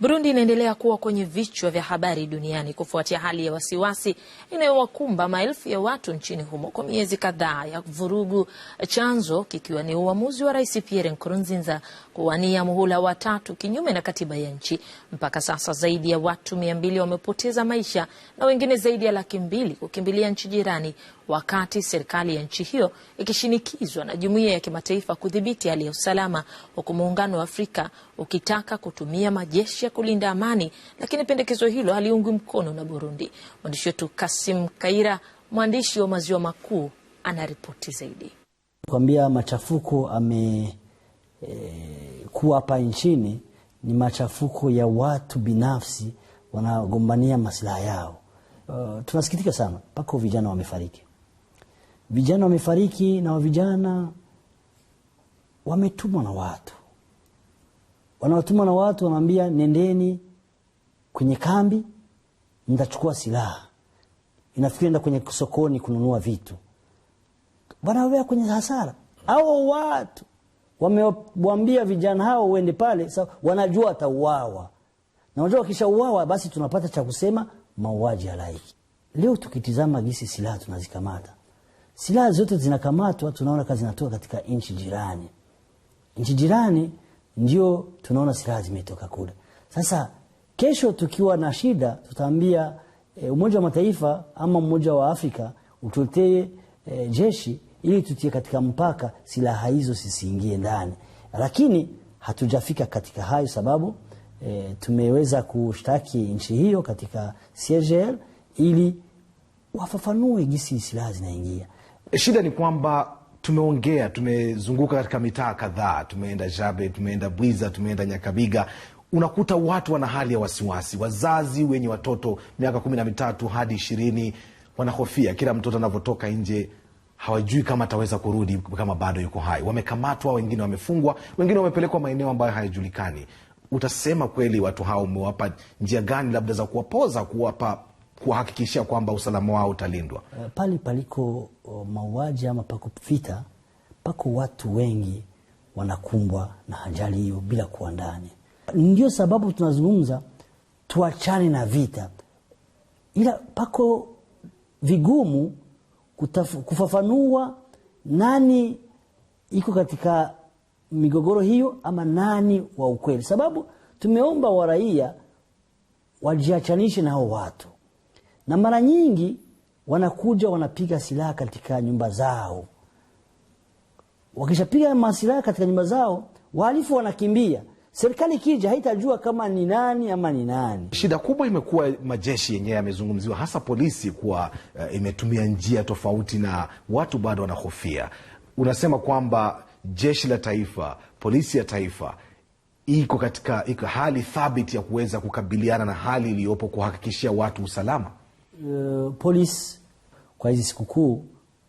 Burundi inaendelea kuwa kwenye vichwa vya habari duniani kufuatia hali ya wasiwasi inayowakumba maelfu ya watu nchini humo kwa miezi kadhaa ya vurugu, chanzo kikiwa ni uamuzi wa Rais Pierre Nkurunziza kuwania muhula wa tatu kinyume na katiba ya nchi. Mpaka sasa zaidi ya watu mia mbili wamepoteza maisha na wengine zaidi ya laki mbili kukimbilia nchi jirani wakati serikali ya nchi hiyo ikishinikizwa na jumuiya ya kimataifa kudhibiti hali ya usalama, huku muungano wa Afrika ukitaka kutumia majeshi ya kulinda amani, lakini pendekezo hilo haliungwi mkono na Burundi. Mwandishi wetu Kasim Kaira, mwandishi wa maziwa makuu, anaripoti zaidi. Kuambia machafuko amekuwa eh, e, hapa nchini ni machafuko ya watu binafsi wanagombania masilaha yao. Uh, tunasikitika sana, mpaka vijana wamefariki vijana wamefariki na vijana wametumwa na watu wanaotumwa na watu wanaambia nendeni kwenye kambi mtachukua silaha inafikiri enda kwenye sokoni kununua vitu wanawea kwenye hasara au watu wamewambia vijana hao uende pale so, wanajua watauawa na unajua wakishauawa basi tunapata cha kusema mauaji halaiki leo tukitizama gisi silaha tunazikamata Silaha zote zinakamatwa, tunaona kazi zinatoka katika nchi jirani. Nchi jirani ndio tunaona silaha zimetoka kule. Sasa kesho tukiwa na shida, tutaambia e, Umoja wa Mataifa ama mmoja wa Afrika utotee e, jeshi ili tutie katika mpaka silaha hizo sisiingie ndani, lakini hatujafika katika hayo sababu e, tumeweza kushtaki nchi hiyo katika CGL ili wafafanue gisi silaha zinaingia. Shida ni kwamba tumeongea, tumezunguka katika mitaa kadhaa, tumeenda Jabe, tumeenda Bwiza, tumeenda Nyakabiga unakuta watu wana hali ya wasiwasi. Wazazi wenye watoto miaka kumi na mitatu hadi ishirini wanahofia kila mtoto anavyotoka nje, hawajui kama ataweza kurudi kama bado yuko hai. Wamekamatwa, wengine wamefungwa, wengine wamepelekwa maeneo ambayo hayajulikani. Utasema kweli watu hao umewapa njia gani labda za kuwapoza, kuwapa kuhakikishia kwamba usalama wao utalindwa. Eh, pale paliko mauaji ama pako vita, pako watu wengi wanakumbwa na ajali hiyo bila kuandani. Ndio sababu tunazungumza tuachane na vita, ila pako vigumu kufafanua nani iko katika migogoro hiyo ama nani wa ukweli, sababu tumeomba waraia wajiachanishe na hao watu na mara nyingi wanakuja wanapiga silaha katika nyumba zao. Wakishapiga masilaha katika nyumba zao, wahalifu wanakimbia. Serikali ikija haitajua kama ni nani ama ni nani. Shida kubwa imekuwa majeshi yenyewe yamezungumziwa, hasa polisi kuwa uh, imetumia njia tofauti na watu bado wanahofia. Unasema kwamba jeshi la taifa, polisi ya taifa iko katika iko hali thabiti ya kuweza kukabiliana na hali iliyopo, kuhakikishia watu usalama. Eh, polisi kwa hizi sikukuu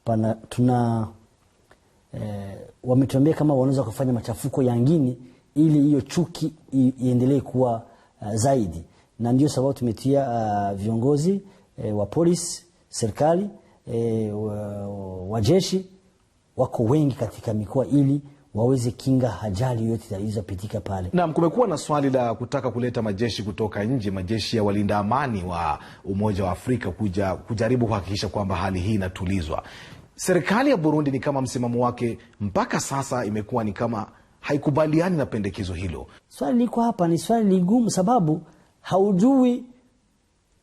pana tuna e, wametuambia kama wanaweza kufanya machafuko yangine ili hiyo chuki iendelee kuwa uh, zaidi, na ndio sababu tumetia uh, viongozi e, wa polisi, serikali e, wajeshi wa wako wengi katika mikoa ili waweze kinga ajali yoyote zilizopitika pale. nam kumekuwa na swali la kutaka kuleta majeshi kutoka nje, majeshi ya walinda amani wa Umoja wa Afrika kuja kujaribu kuhakikisha kwamba hali hii inatulizwa. Serikali ya Burundi ni kama msimamo wake mpaka sasa imekuwa ni kama haikubaliani na pendekezo hilo. Swali liko hapa, ni swali ligumu, sababu haujui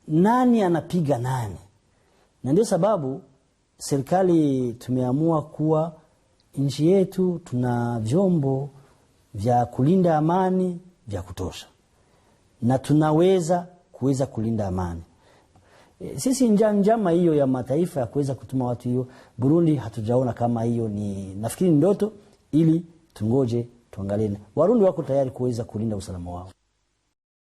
nani anapiga nani, na ndio sababu serikali tumeamua kuwa nchi yetu tuna vyombo vya kulinda amani vya kutosha, na tunaweza kuweza kulinda amani e, sisi. nja, njama hiyo ya mataifa ya kuweza kutuma watu, hiyo Burundi hatujaona kama hiyo ni, nafikiri ni ndoto, ili tungoje tuangalie. Warundi wako tayari kuweza kulinda usalama wao.